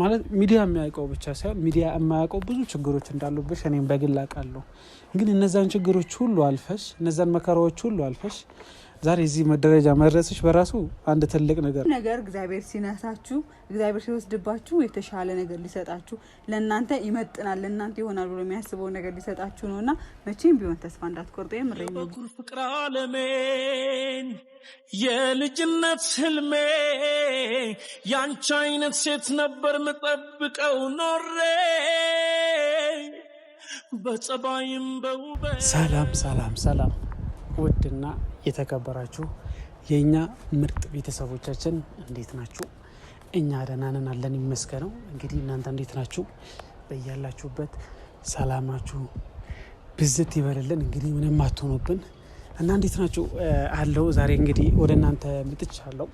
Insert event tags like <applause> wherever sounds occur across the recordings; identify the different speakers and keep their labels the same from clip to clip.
Speaker 1: ማለት ሚዲያ የሚያውቀው ብቻ ሳይሆን ሚዲያ የማያውቀው ብዙ ችግሮች እንዳሉብሽ እኔም በግል አውቃለሁ። ግን እነዛን ችግሮች ሁሉ አልፈሽ እነዛን መከራዎች ሁሉ አልፈሽ ዛሬ እዚህ መደረጃ መድረስሽ በራሱ አንድ ትልቅ ነገር
Speaker 2: ነገር እግዚአብሔር ሲነሳችሁ እግዚአብሔር ሲወስድባችሁ የተሻለ ነገር ሊሰጣችሁ ለእናንተ ይመጥናል ለእናንተ ይሆናል ብሎ የሚያስበው ነገር ሊሰጣችሁ ነው እና መቼም ቢሆን ተስፋ እንዳትቆርጡ። የምር
Speaker 3: የበኩር ፍቅር አለሜን የልጅነት ህልሜ ያንቺ አይነት ሴት ነበር ምጠብቀው ኖሬ በጸባይም በውበ
Speaker 1: ሰላም ሰላም ሰላም ውድና የተከበራችሁ የእኛ ምርጥ ቤተሰቦቻችን እንዴት ናችሁ? እኛ ደህና ነን አለን ይመስገነው። እንግዲህ እናንተ እንዴት ናችሁ? በያላችሁበት ሰላማችሁ ብዝት ይበልልን። እንግዲህ ምንም አትሆኑብን እና እንዴት ናችሁ አለው። ዛሬ እንግዲህ ወደ እናንተ ምጥቻ አለው።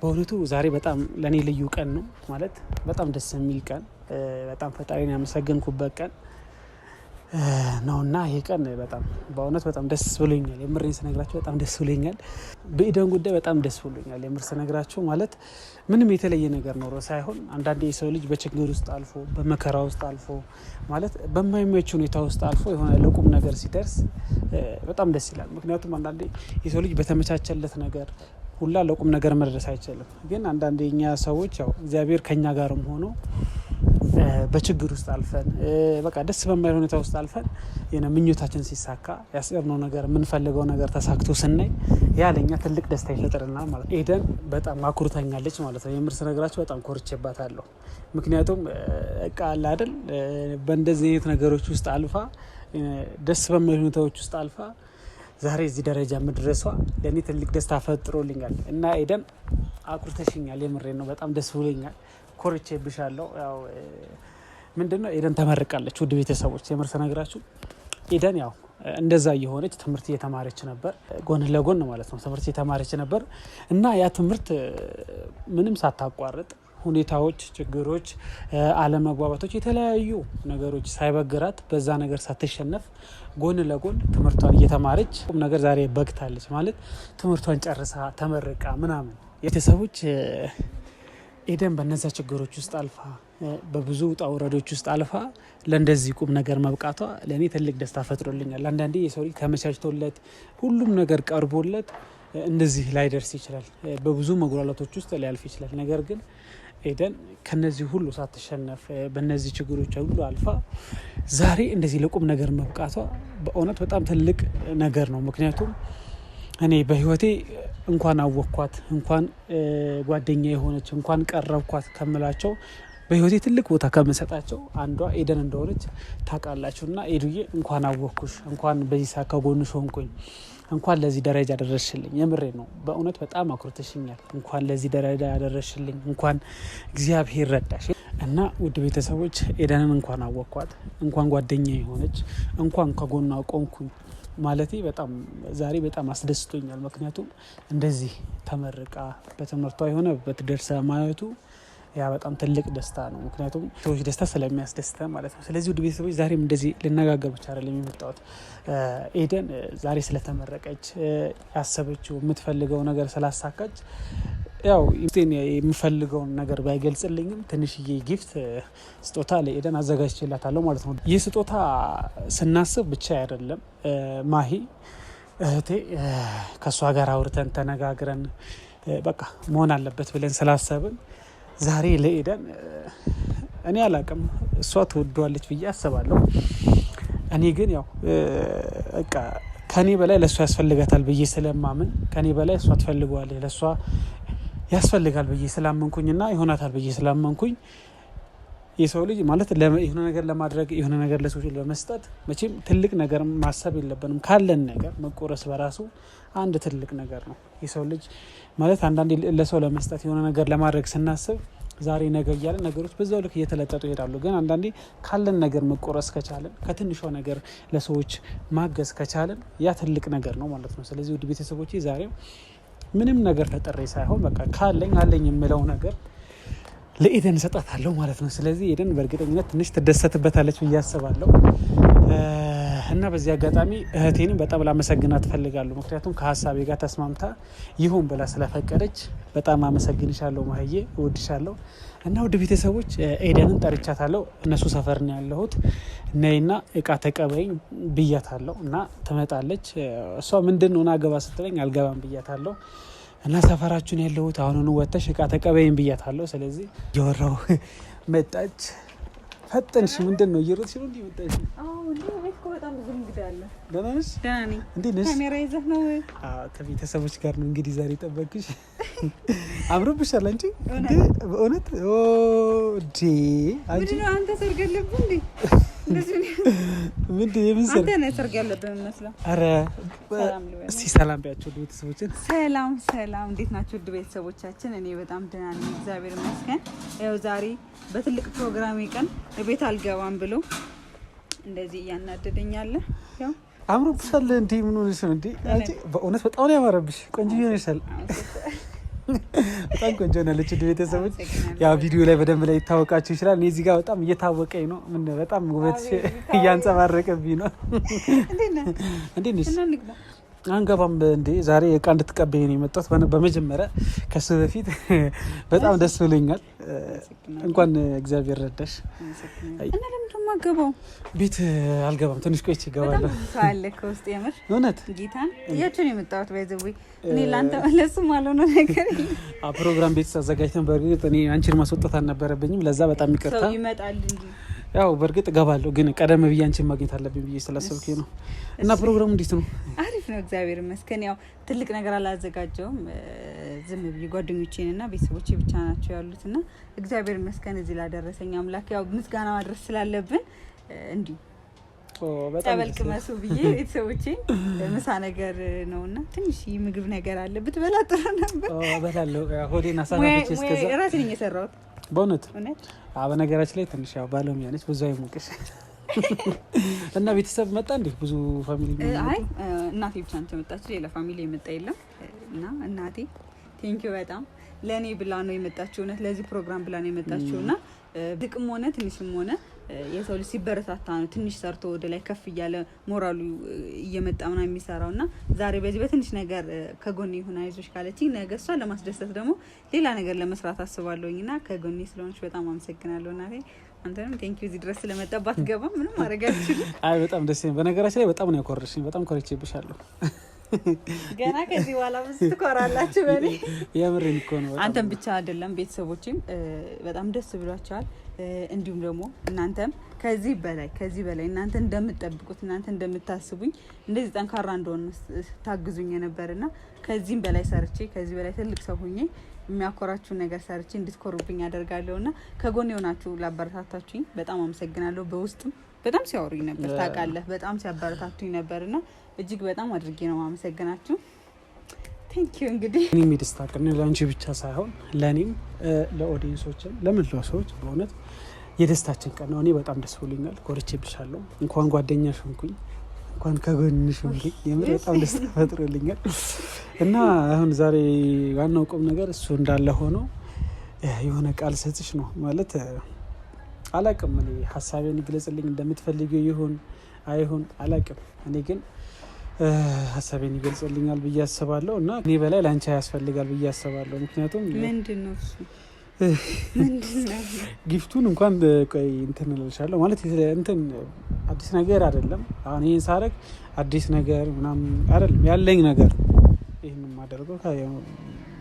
Speaker 1: በእውነቱ ዛሬ በጣም ለእኔ ልዩ ቀን ነው ማለት በጣም ደስ የሚል ቀን፣ በጣም ፈጣሪን ያመሰገንኩበት ቀን ነውና ይሄ ቀን በጣም በእውነት በጣም ደስ ብሎኛል። የምሬን ስነግራችሁ በጣም ደስ ብሎኛል። በኢደን ጉዳይ በጣም ደስ ብሎኛል። የምር ስነግራችሁ ማለት ምንም የተለየ ነገር ኖሮ ሳይሆን አንዳንዴ የሰው ልጅ በችግር ውስጥ አልፎ በመከራ ውስጥ አልፎ ማለት በማይመች ሁኔታ ውስጥ አልፎ የሆነ ለቁም ነገር ሲደርስ በጣም ደስ ይላል። ምክንያቱም አንዳንዴ የሰው ልጅ በተመቻቸለት ነገር ሁላ ለቁም ነገር መድረስ አይችልም። ግን አንዳንዴ የኛ ሰዎች ያው እግዚአብሔር ከኛ ጋርም ሆኖ በችግር ውስጥ አልፈን በቃ ደስ በማይል ሁኔታ ውስጥ አልፈን ምኞታችን ሲሳካ ያስቀርነው ነገር የምንፈልገው ነገር ተሳክቶ ስናይ ያለኛ ትልቅ ደስታ ይፈጥርና ማለት ነው። ኤደን በጣም አኩርታኛለች ማለት ነው። የምርስ ነገራቸው በጣም ኮርቼባታለሁ። ምክንያቱም እቃ አለ አይደል በእንደዚህ አይነት ነገሮች ውስጥ አልፋ ደስ በማይል ሁኔታዎች ውስጥ አልፋ ዛሬ እዚህ ደረጃ መድረሷ ለእኔ ትልቅ ደስታ ፈጥሮልኛል እና ኤደን አኩርተሽኛል። የምሬ ነው። በጣም ደስ ብሎኛል። ኮርቼ ብሻለው። ያው ምንድነው ኤደን ተመርቃለች። ውድ ቤተሰቦች የምር ስነግራችሁ ኤደን ያው እንደዛ እየሆነች ትምህርት እየተማረች ነበር፣ ጎን ለጎን ማለት ነው ትምህርት እየተማረች ነበር እና ያ ትምህርት ምንም ሳታቋርጥ ሁኔታዎች፣ ችግሮች፣ አለመግባባቶች፣ የተለያዩ ነገሮች ሳይበግራት በዛ ነገር ሳትሸነፍ ጎን ለጎን ትምህርቷን እየተማረች ቁም ነገር ዛሬ በግታለች ማለት ትምህርቷን ጨርሳ ተመርቃ ምናምን ቤተሰቦች ኤደን በነዛ ችግሮች ውስጥ አልፋ በብዙ ውጣ ውረዶች ውስጥ አልፋ ለእንደዚህ ቁም ነገር መብቃቷ ለእኔ ትልቅ ደስታ ፈጥሮልኛል። አንዳንዴ የሰው ልጅ ተመቻችቶለት ሁሉም ነገር ቀርቦለት እንደዚህ ላይደርስ ይችላል። በብዙ መጉላላቶች ውስጥ ሊያልፍ ይችላል። ነገር ግን ኤደን ከነዚህ ሁሉ ሳትሸነፍ በነዚህ ችግሮች ሁሉ አልፋ ዛሬ እንደዚህ ለቁም ነገር መብቃቷ በእውነት በጣም ትልቅ ነገር ነው። ምክንያቱም እኔ በህይወቴ እንኳን አወቅኳት፣ እንኳን ጓደኛ የሆነች፣ እንኳን ቀረብኳት ከምላቸው በህይወቴ ትልቅ ቦታ ከምሰጣቸው አንዷ ኤደን እንደሆነች ታውቃላችሁ። እና ኤዱዬ እንኳን አወቅኩሽ፣ እንኳን በዚህ ሰዓት ከጎንሽ ሆንኩኝ፣ እንኳን ለዚህ ደረጃ ያደረሽልኝ። የምሬ ነው፣ በእውነት በጣም አኩርተሽኛል። እንኳን ለዚህ ደረጃ ያደረሽልኝ፣ እንኳን እግዚአብሔር ረዳሽ። እና ውድ ቤተሰቦች ኤደንን እንኳን አወቅኳት፣ እንኳን ጓደኛ የሆነች፣ እንኳን ከጎኗ ቆምኩኝ ማለት በጣም ዛሬ በጣም አስደስቶኛል። ምክንያቱም እንደዚህ ተመርቃ በትምህርቷ የሆነ በትደርሰ ማየቱ ያ በጣም ትልቅ ደስታ ነው። ምክንያቱም ሰዎች ደስታ ስለሚያስደስተ ማለት ነው። ስለዚህ ውድ ቤተሰቦች ዛሬም እንደዚህ ልነጋገር ብቻ አይደለም የመጣሁት። ኤደን ዛሬ ስለተመረቀች ያሰበችው የምትፈልገው ነገር ስላሳካች ያው የምፈልገውን ነገር ባይገልጽልኝም ትንሽዬ ጊፍት ስጦታ ለኤደን አዘጋጅቼላታለሁ ማለት ነው። ይህ ስጦታ ስናስብ ብቻ አይደለም ማሂ እህቴ ከእሷ ጋር አውርተን ተነጋግረን በቃ መሆን አለበት ብለን ስላሰብን ዛሬ ለኤደን እኔ አላቅም እሷ ትወደዋለች ብዬ አስባለሁ። እኔ ግን ያው በቃ ከኔ በላይ ለእሷ ያስፈልጋታል ብዬ ስለማምን ከኔ በላይ እሷ ትፈልገዋለች ለእሷ ያስፈልጋል ብዬ ስላመንኩኝና ይሆናታል ብዬ ስላመንኩኝ የሰው ልጅ ማለት የሆነ ነገር ለማድረግ የሆነ ነገር ለሰዎች ለመስጠት መቼም ትልቅ ነገር ማሰብ የለብንም። ካለን ነገር መቆረስ በራሱ አንድ ትልቅ ነገር ነው። የሰው ልጅ ማለት አንዳንዴ ለሰው ለመስጠት የሆነ ነገር ለማድረግ ስናስብ ዛሬ ነገር እያለ ነገሮች በዛው ልክ እየተለጠጡ ይሄዳሉ። ግን አንዳንዴ ካለን ነገር መቆረስ ከቻለን ከትንሿ ነገር ለሰዎች ማገዝ ከቻለን ያ ትልቅ ነገር ነው ማለት ነው። ስለዚህ ውድ ቤተሰቦቼ ዛሬው ምንም ነገር ተጠሬ ሳይሆን በቃ ካለኝ አለኝ የምለው ነገር ለኢደን እሰጣታለሁ ማለት ነው። ስለዚህ ኢደን በእርግጠኝነት ትንሽ ትደሰትበታለች ብዬ አስባለሁ። እና በዚህ አጋጣሚ እህቴንም በጣም ላመሰግናት እፈልጋለሁ። ምክንያቱም ከሀሳቤ ጋር ተስማምታ ይሁን ብላ ስለፈቀደች በጣም አመሰግንሻለሁ። ማህዬ እወድሻለሁ። እና ውድ ቤተሰቦች ኤደንን ጠርቻታለሁ። እነሱ ሰፈር ነው ያለሁት። ነይና እቃ ተቀበይኝ ብያታለሁ። እና ትመጣለች። እሷ ምንድን ሆና አገባ ስትለኝ አልገባም ብያታለሁ። እና ሰፈራችሁን ያለሁት አሁኑን ወተሽ እቃ ተቀበይኝ ብያታለሁ። ስለዚህ እያወራሁ <laughs> መጣች። ፈጠንሽ ምንድን ነው እየሮጥሽ ነው እንዴ መጣሽ
Speaker 2: ብዙ እንግዳ ካሜራ ይዘህ ነው
Speaker 1: ከቤተሰቦች ጋር ነው እንግዲህ ዛሬ ጠበቅሽ አምሮብሻል እንጂ እንዴ በእውነት ኦ
Speaker 2: አንተ ሰርገልብ እንዴ ምንድን የምን ሰርግ? አንተ ነህ ሰርግ ያለብህ የሚመስለው።
Speaker 1: ኧረ እስኪ ሰላም ቢያቸው ውድ ቤተሰቦችን።
Speaker 2: ሰላም ሰላም፣ እንዴት ናቸው ውድ ቤተሰቦቻችን? እኔ በጣም ደህና ነኝ እግዚአብሔር ይመስገን። ያው ዛሬ በትልቅ ፕሮግራሜ ቀን ቤት አልገባም ብሎ እንደዚህ እያናደደኛለ ያው
Speaker 1: አምሮብሻል እንዴ? ምን ሆነሽ ነው እንዴ? በእውነት በጣም ነው ያማረብሽ። ቆንጆ ሆነሻል። በጣም ቆንጆ ናለች። ውድ ቤተሰቦች ያ ቪዲዮ ላይ በደንብ ላይ ይታወቃችሁ ይችላል። እኔ እዚህ ጋር በጣም እየታወቀኝ ነው። ምን በጣም ውበት እያንጸባረቀብኝ ነው። እንዴት ነሽ? አንገባም እንዴ? ዛሬ እቃ እንድትቀበይ ነው የመጣሁት። በመጀመሪያ ከሱ በፊት <laughs> በጣም ደስ ብሎኛል። እንኳን እግዚአብሔር ረዳሽ። ቤት አልገባም፣ ትንሽ ቆይቼ
Speaker 2: እገባለሁ። ከውስጥ
Speaker 1: እውነት ፕሮግራም ቤት አዘጋጅተን፣ በእርግጥ እኔ አንቺን ማስወጣት አልነበረብኝም። ለዛ በጣም ይቅርታ ይመጣል እንጂ ያው በእርግጥ እገባለሁ ግን ቀደም ብዬ አንቺን ማግኘት አለብኝ ብዬ ስላሰብክ ነው። እና ፕሮግራሙ እንዴት ነው?
Speaker 2: አሪፍ ነው፣ እግዚአብሔር ይመስገን። ያው ትልቅ ነገር አላዘጋጀውም። ዝም ብዬ ጓደኞቼን እና ቤተሰቦቼ ብቻ ናቸው ያሉት እና እግዚአብሔር ይመስገን እዚህ ላደረሰኝ አምላክ ያው ምስጋና ማድረስ ስላለብን እንዲሁ ጠበልቅ መሱ ብዬ ቤተሰቦቼ ምሳ ነገር ነው እና ትንሽ ምግብ ነገር አለ ብትበላ ጥሩ ነበር። እራሴን የሰራሁት
Speaker 1: በእውነት በነገራችን ላይ ትንሽ ያው ባለሙያ ነች፣ ብዙ አይሞቅሽ <laughs> እና ቤተሰብ መጣ እንዴ? ብዙ ፋሚሊ?
Speaker 2: አይ እናቴ ብቻ ነች የመጣችው፣ ሌላ ፋሚሊ የመጣ የለም። እና እናቴ ቴንኪ በጣም ለእኔ ብላ ነው የመጣችው፣ እውነት ለዚህ ፕሮግራም ብላ ነው የመጣችው እና ድቅም ሆነ ትንሽም ሆነ የሰው ልጅ ሲበረታታ ነው ትንሽ ሰርቶ ወደ ላይ ከፍ እያለ ሞራሉ እየመጣ ምናምን የሚሰራው እና ዛሬ በዚህ በትንሽ ነገር ከጎኔ የሆነ አይዞች ካለች ነገ እሷ ለማስደሰት ደግሞ ሌላ ነገር ለመስራት አስባለሁኝ እና ከጎኔ ስለሆነች በጣም አመሰግናለሁ እናቴ። አንተንም ቴንኪው እዚህ ድረስ ስለመጣባት ገባ ምንም አረጋችሉ።
Speaker 1: አይ በጣም ደስ በነገራችን ላይ በጣም ነው ያኮረሽኝ። በጣም ኮረቼብሻለሁ።
Speaker 2: ገና ከዚህ በኋላ ብዙ ትኮራላችሁ በኔ።
Speaker 1: የምሬን እኮ ነው።
Speaker 2: አንተም ብቻ አይደለም ቤተሰቦችም በጣም ደስ ብሏቸዋል። እንዲሁም ደግሞ እናንተም ከዚህ በላይ ከዚህ በላይ እናንተ እንደምትጠብቁት እናንተ እንደምታስቡኝ እንደዚህ ጠንካራ እንደሆነ ታግዙኝ ነበርና ከዚህም በላይ ሰርቼ ከዚህ በላይ ትልቅ ሰው ሁኜ የሚያኮራችሁን ነገር ሰርቼ እንድትኮሩብኝ አደርጋለሁና ከጎን የሆናችሁ ላበረታታችሁኝ በጣም አመሰግናለሁ በውስጥም በጣም ሲያወሩኝ ነበር ታውቃለህ፣ በጣም ሲያበረታቱኝ ነበር እና እጅግ በጣም አድርጌ ነው ማመሰግናችሁ። ቴንኪዩ። እንግዲህ
Speaker 1: እኔም የደስታ ቀን ለአንቺ ብቻ ሳይሆን ለእኔም ለኦዲየንሶችን ለምንለ ሰዎች በእውነት የደስታችን ቀን ነው። እኔ በጣም ደስ ብሎኛል። ኮርቼ ብሻለሁ። እንኳን ጓደኛ ሽንኩኝ እንኳን ከጎንሽ ሆንኩኝ። የምር በጣም ደስታ ፈጥሮልኛል እና አሁን ዛሬ ዋናው ቁም ነገር እሱ እንዳለ ሆኖ የሆነ ቃል ሰጥሽ ነው ማለት አላቅም እኔ ሀሳቤን ይግለጽልኝ እንደምትፈልገው ይሁን አይሁን አላቅም። እኔ ግን ሀሳቤን ይገልጽልኛል ብዬ አስባለሁ እና እኔ በላይ ለአንቺ ያስፈልጋል ብዬ አስባለሁ። ምክንያቱም ጊፍቱን እንኳን ቆይ እንትን እልሻለሁ ማለት እንትን አዲስ ነገር አይደለም። አሁን ይህን ሳረግ አዲስ ነገር ምናምን አይደለም ያለኝ ነገር ይህን የማደርገው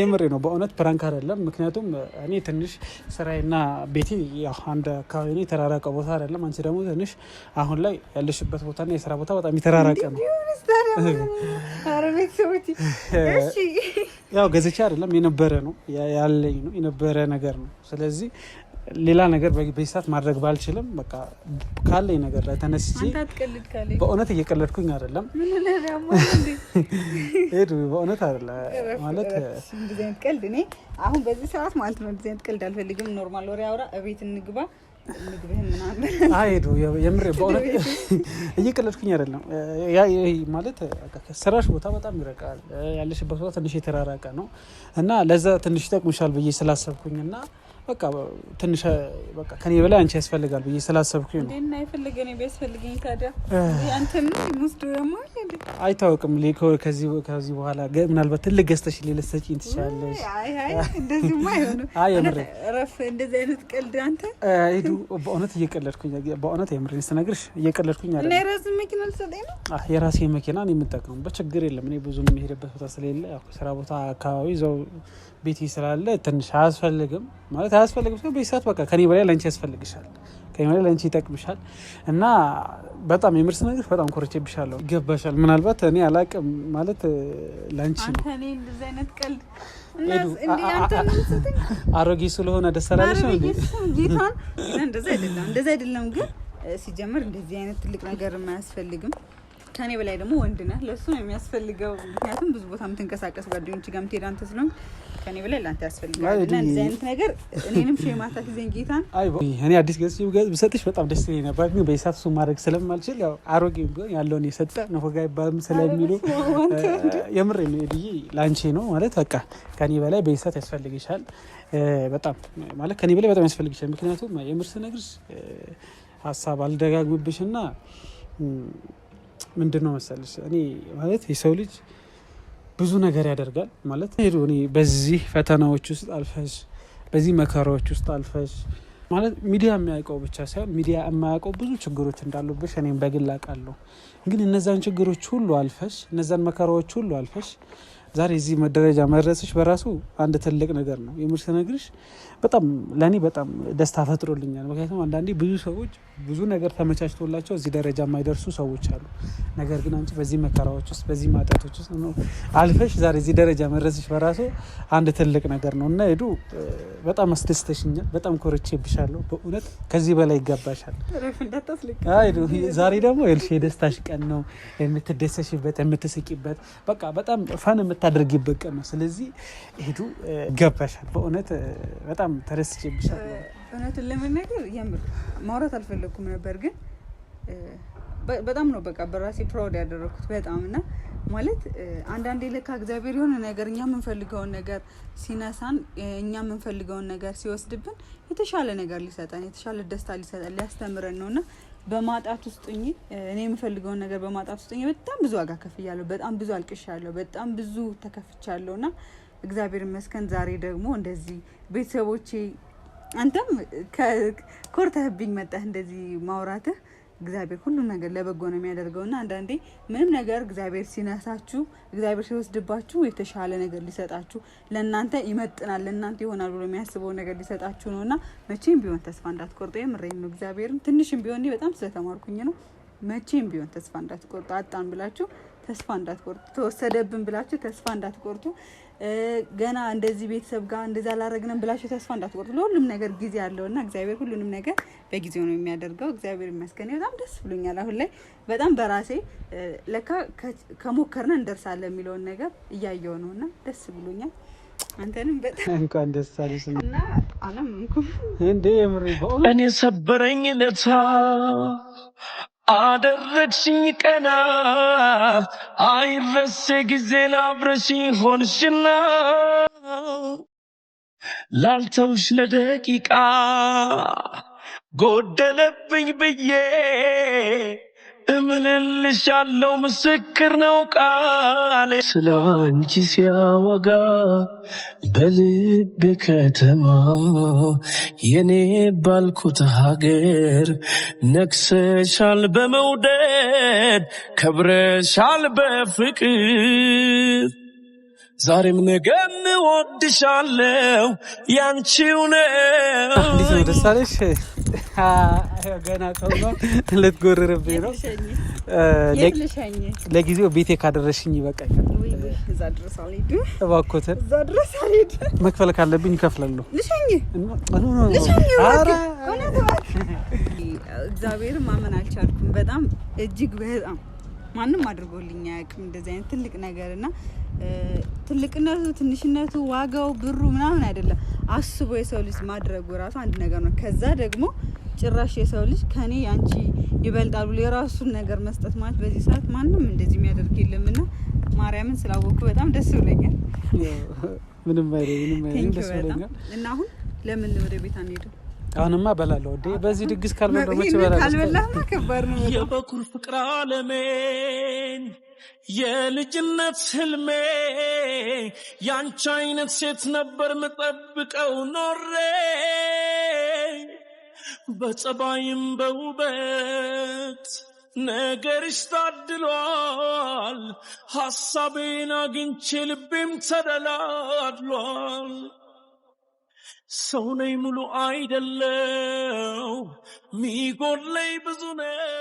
Speaker 1: የምሬ ነው በእውነት ፕራንክ አይደለም። ምክንያቱም እኔ ትንሽ ስራዬና ቤቴ አንድ አካባቢ ነው፣ የተራራቀ ቦታ አይደለም። አንቺ ደግሞ ትንሽ አሁን ላይ ያለሽበት ቦታና የስራ ቦታ በጣም የተራራቀ ነው። ያው ገዝቼ አይደለም የነበረ ነው ያለኝ ነው የነበረ ነገር ነው። ስለዚህ ሌላ ነገር በዚህ ማድረግ ባልችልም በቃ ካለኝ ነገር ላይ ተነስቼ በእውነት እየቀለድኩኝ አይደለም። ሄዱ በእውነት አለ ማለት
Speaker 2: እንደዚህ ቀልድ እኔ አሁን በዚህ ሰዓት ማለት ነው ዲዛይን አይነት ቀልድ አልፈልግም። ኖርማል ወሬ አውራ፣ እቤት እንግባ፣ ምግብህን
Speaker 1: ምናምን። ሄዱ የምር በእውነት እየቀለድኩኝ አይደለም። ማለት ስራሽ ቦታ በጣም ይረቃል፣ ያለሽበት ቦታ ትንሽ የተራራቀ ነው እና ለዛ ትንሽ ይጠቅምሻል ብዬ ስላሰብኩኝ እና በቃ ትንሽ በቃ ከኔ በላይ አንቺ ያስፈልጋል ብዬ ስላሰብኩኝ ነው። አይታወቅም። ከዚህ በኋላ ምናልባት ትልቅ ገዝተሽ ሌለ ሰጪኝ ትችላለሽ። እንደዚህማ አይሆንም።
Speaker 2: እንደዚህ አይነት ቀልድ አንተ
Speaker 1: በእውነት እየቀለድኩኝ በእውነት የምሬን ስነግርሽ እየቀለድኩኝ የራሴ መኪና ነው የምጠቀሙበት። ችግር የለም። እኔ ብዙ የሚሄድበት ቦታ ስለሌለ ስራ ቦታ አካባቢ ዘው ቤቴ ስላለ ትንሽ አያስፈልግም ማለት አያስፈልግም። ቤት ሰዓት በቃ ከኔ በላይ ለአንቺ ያስፈልግሻል። ከሆነ ለአንቺ ይጠቅምሻል እና በጣም የምርስ ነገር በጣም ኮርቼ ብሻለሁ። ይገባሻል። ምናልባት እኔ አላቅም ማለት ለንቺ አሮጌ ስለሆነ ደስ አላለሽ ነው
Speaker 2: እንደዛ አይደለም። ግን ሲጀምር እንደዚህ አይነት ትልቅ ነገር አያስፈልግም። ከኔ በላይ ደግሞ ወንድ ነህ፣ ለእሱ የሚያስፈልገው። ምክንያቱም ብዙ ቦታ የምትንቀሳቀስ ጓደኞች ጋር የምትሄድ አንተ ስለሆንክ ከኔ በላይ ለአንተ ያስፈልጋል። እና እንደዚህ አይነት ነገር እኔንም ሼ ማታ ጌታን
Speaker 1: እኔ አዲስ ብሰጥሽ በጣም ደስ ይለኝ ነበር፣ ግን በሰዓት ማድረግ ስለማልችል ያው አሮጌ ቢሆን ያለውን የሰጠ ነፎጋ ይባልም ስለሚሉ የምር ድዬ ላንቺ ነው ማለት በቃ ከኔ በላይ በሰዓት ያስፈልግሻል። በጣም ማለት ከኔ በላይ በጣም ያስፈልግሻል። ምክንያቱም የምር ስነግርሽ ሀሳብ አልደጋግምብሽ እና ምንድን ነው መሰለሽ እኔ ማለት የሰው ልጅ ብዙ ነገር ያደርጋል ማለት እኔ በዚህ ፈተናዎች ውስጥ አልፈሽ በዚህ መከራዎች ውስጥ አልፈሽ ማለት ሚዲያ የሚያውቀው ብቻ ሳይሆን ሚዲያ የማያውቀው ብዙ ችግሮች እንዳሉብሽ እኔም በግል አውቃለሁ። ግን እነዛን ችግሮች ሁሉ አልፈሽ እነዛን መከራዎች ሁሉ አልፈሽ ዛሬ እዚህ መደረጃ መድረስሽ በራሱ አንድ ትልቅ ነገር ነው። የምር ስነግርሽ በጣም ለእኔ በጣም ደስታ ፈጥሮልኛል። ምክንያቱም አንዳንዴ ብዙ ሰዎች ብዙ ነገር ተመቻችቶላቸው እዚህ ደረጃ የማይደርሱ ሰዎች አሉ። ነገር ግን አንቺ በዚህ መከራዎች ውስጥ በዚህ ማጣቶች ውስጥ አልፈሽ ዛሬ እዚህ ደረጃ መድረስሽ በራሱ አንድ ትልቅ ነገር ነው እና ሄዱ በጣም አስደስተሽኛል። በጣም ኮርቼብሻለሁ። በእውነት ከዚህ በላይ ይገባሻል። ዛሬ ደግሞ የደስታሽ ቀን ነው። የምትደሰሽበት የምትስቂበት በቃ በጣም ፈን ብታደርጊ በቀን ነው። ስለዚህ ሄዱ ገባሻል። በእውነት በጣም ተደስቼብሻል።
Speaker 2: እውነቱን ለመናገር የምር ማውራት አልፈለግኩም ነበር፣ ግን በጣም ነው በቃ በራሴ ፕራውድ ያደረግኩት በጣም እና ማለት አንዳንዴ ልካ እግዚአብሔር የሆነ ነገር እኛ የምንፈልገውን ነገር ሲነሳን እኛ የምንፈልገውን ነገር ሲወስድብን የተሻለ ነገር ሊሰጠን የተሻለ ደስታ ሊሰጠን ሊያስተምረን ነው እና በማጣት ውስጥ ሆኜ እኔ የምፈልገውን ነገር በማጣት ውስጥ በጣም ብዙ ዋጋ ከፍያለሁ። በጣም ብዙ አልቅሻለሁ። በጣም ብዙ ተከፍቻለሁ እና እግዚአብሔር ይመስገን ዛሬ ደግሞ እንደዚህ ቤተሰቦቼ አንተም ኮርተህብኝ መጣህ እንደዚህ ማውራትህ እግዚአብሔር ሁሉን ነገር ለበጎ ነው የሚያደርገው እና አንዳንዴ ምንም ነገር እግዚአብሔር ሲነሳችሁ እግዚአብሔር ሲወስድባችሁ የተሻለ ነገር ሊሰጣችሁ ለእናንተ ይመጥናል ለእናንተ ይሆናል ብሎ የሚያስበው ነገር ሊሰጣችሁ ነው እና መቼም ቢሆን ተስፋ እንዳትቆርጡ የምሬን ነው። እግዚአብሔርም ትንሽም ቢሆን እኔ በጣም ስለተማርኩኝ ነው። መቼም ቢሆን ተስፋ እንዳትቆርጡ፣ አጣን ብላችሁ ተስፋ እንዳትቆርጡ፣ ተወሰደብን ብላችሁ ተስፋ እንዳትቆርጡ ገና እንደዚህ ቤተሰብ ጋር እንደዚህ አላረግንም ብላችሁ ተስፋ እንዳትቆርጡ። ለሁሉም ነገር ጊዜ እና እግዚአብሔር ሁሉንም ነገር በጊዜው ነው የሚያደርገው። እግዚአብሔር ይመስገን፣ በጣም ደስ ብሎኛል። አሁን ላይ በጣም በራሴ ለካ ከሞከርነ እንደርሳለን የሚለውን ነገር እያየው እና ደስ ብሎኛል። አንተንም በጣም <laughs>
Speaker 1: እንኳን ደስ አለሽ። እና እንዴ የምር እኔ ሰበረኝ ለታ አደረግሽኝ ቀና አይረሴ ጊዜ ላብረሽኝ ሆንሽና ላልተውሽ ለደቂቃ ጎደለብኝ ብዬ እምልልሻለው ምስክር ነው ቃሌ ስለ አንቺ ሲያወጋ በልብ ከተማ የኔ ባልኩት ሀገር ነግሰሻል በመውደድ ከብረሻል በፍቅር ዛሬም ነገም ወድሻለው ያንቺው ነው። ገና ሰው ልትጎርርብኝ ነው። ለጊዜው ቤቴ ካደረሽኝ ይበቃኛል። እባክዎትን መክፈል ካለብኝ ይከፍላለሁ።
Speaker 2: እግዚአብሔር ማመን አልቻልኩም። በጣም እጅግ በጣም ማንም አድርጎልኝ አያውቅም እንደዚህ አይነት ትልቅ ነገር እና ትልቅነቱ ትንሽነቱ፣ ዋጋው፣ ብሩ ምናምን አይደለም። አስቦ የሰው ልጅ ማድረጉ ራሱ አንድ ነገር ነው። ከዛ ደግሞ ጭራሽ የሰው ልጅ ከኔ አንቺ ይበልጣል የራሱን ነገር መስጠት ማለት በዚህ ሰዓት ማንም እንደዚህ የሚያደርግ የለምና ማርያምን ስላወቅኩ በጣም ደስ ብለኛል።
Speaker 1: ምንም ምንም አይደለም፣
Speaker 2: ደስ ብለኛል። እና አሁን ለምን ወደ ቤት አንሄድም?
Speaker 1: አሁንማ በላለሁ እንዴ! በዚህ ድግስ ካልበላ
Speaker 2: መቼ እበላለሁ? ካልበላህማ ከባድ ነው። የበኩር ፍቅር አለሜን የልጅነት ህልሜ ያንቺ አይነት ሴት ነበር ምጠብቀው ኖሬ በጸባይም በውበት ነገርሽ ታድሏል። ሐሳቤን አግኝቼ ልቤም ተደላድሏል። ሰው ነኝ ሙሉ አይደለው ሚጎድለኝ ብዙ ነው።